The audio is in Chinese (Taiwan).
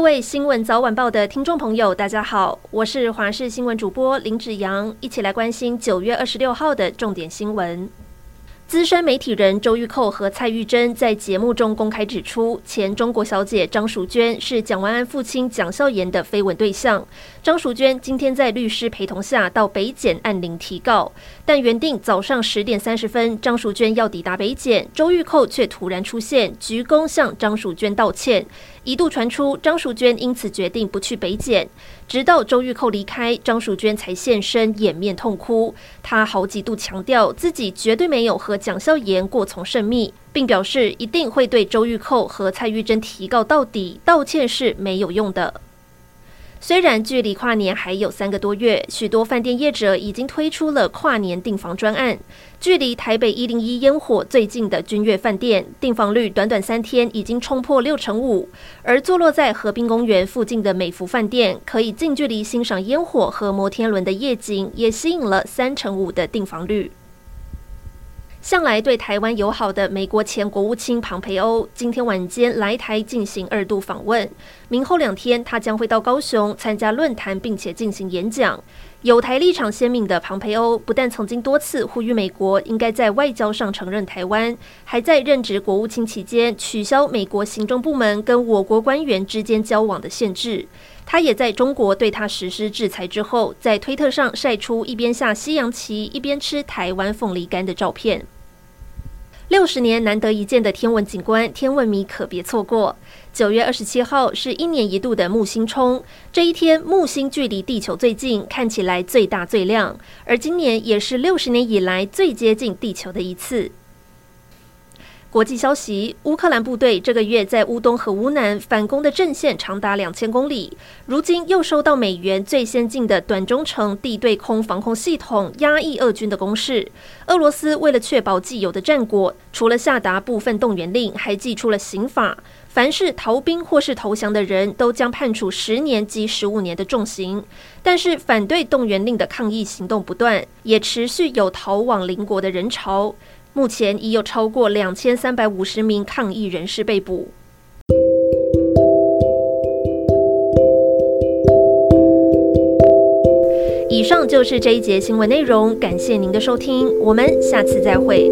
各位新聞早晚報的聽眾朋友，大家好，我是華視新聞主播林志揚，一起來關心九月二十六號的重點新聞。資深媒體人周玉蔻和蔡玉真在節目中公開指出，前中國小姐張淑娟是蔣萬安父親蔣孝嚴的緋聞對象。張淑娟今天在律師陪同下到北檢按鈴提告，但原定早上十點三十分，張淑娟要抵達北檢，周玉蔻卻突然出現，鞠躬向張淑娟道歉。一度傳出張淑娟因此決定不去北檢，直到周玉蔻離開，張淑娟才現身掩面痛哭。她好幾度強調自己絕對沒有和蔣孝嚴過從甚密，並表示一定會對周玉蔻和蔡玉珍提告到底，道歉是沒有用的。雖然距離跨年還有三個多月，許多飯店業者已經推出了跨年訂房專案。距離台北一零一煙火最近的君悅飯店，訂房率短短三天已經衝破六成五。而坐落在河濱公園附近的美福飯店，可以近距離欣賞煙火和摩天輪的夜景，也吸引了三成五的訂房率。向來對台灣友好的美國前國務卿龐培歐，今天晚間來台進行二度訪問。明後兩天，他將會到高雄參加論壇，並且進行演講。有台立場鮮明的龐培歐不但曾經多次呼籲美國應該在外交上承認台灣，還在任職國務卿期間取消美國行政部門跟我國官員之間交往的限制。他也在中國對他實施制裁之後，在推特上曬出一邊下西洋棋一邊吃台灣鳳梨乾的照片。六十年難得一見的天文景觀，天文迷可別錯過。九月二十七號是一年一度的木星衝，這一天木星距離地球最近，看起來最大最亮。而今年也是六十年以來最接近地球的一次。國際消息：烏克蘭部隊這個月在烏東和烏南反攻的陣線長達兩千公里，如今又收到美元最先進的短中程地對空防空系統，壓抑俄軍的攻勢。俄羅斯為了確保既有的戰果，除了下達部分動員令，還祭出了刑法，凡是逃兵或是投降的人都將判處十年及十五年的重刑。但是反對動員令的抗議行動不斷，也持續有逃往鄰國的人潮。目前已有超過兩千三百五十名抗議人士被捕。以上就是這一節新聞內容，感謝您的收聽，我們下次再會。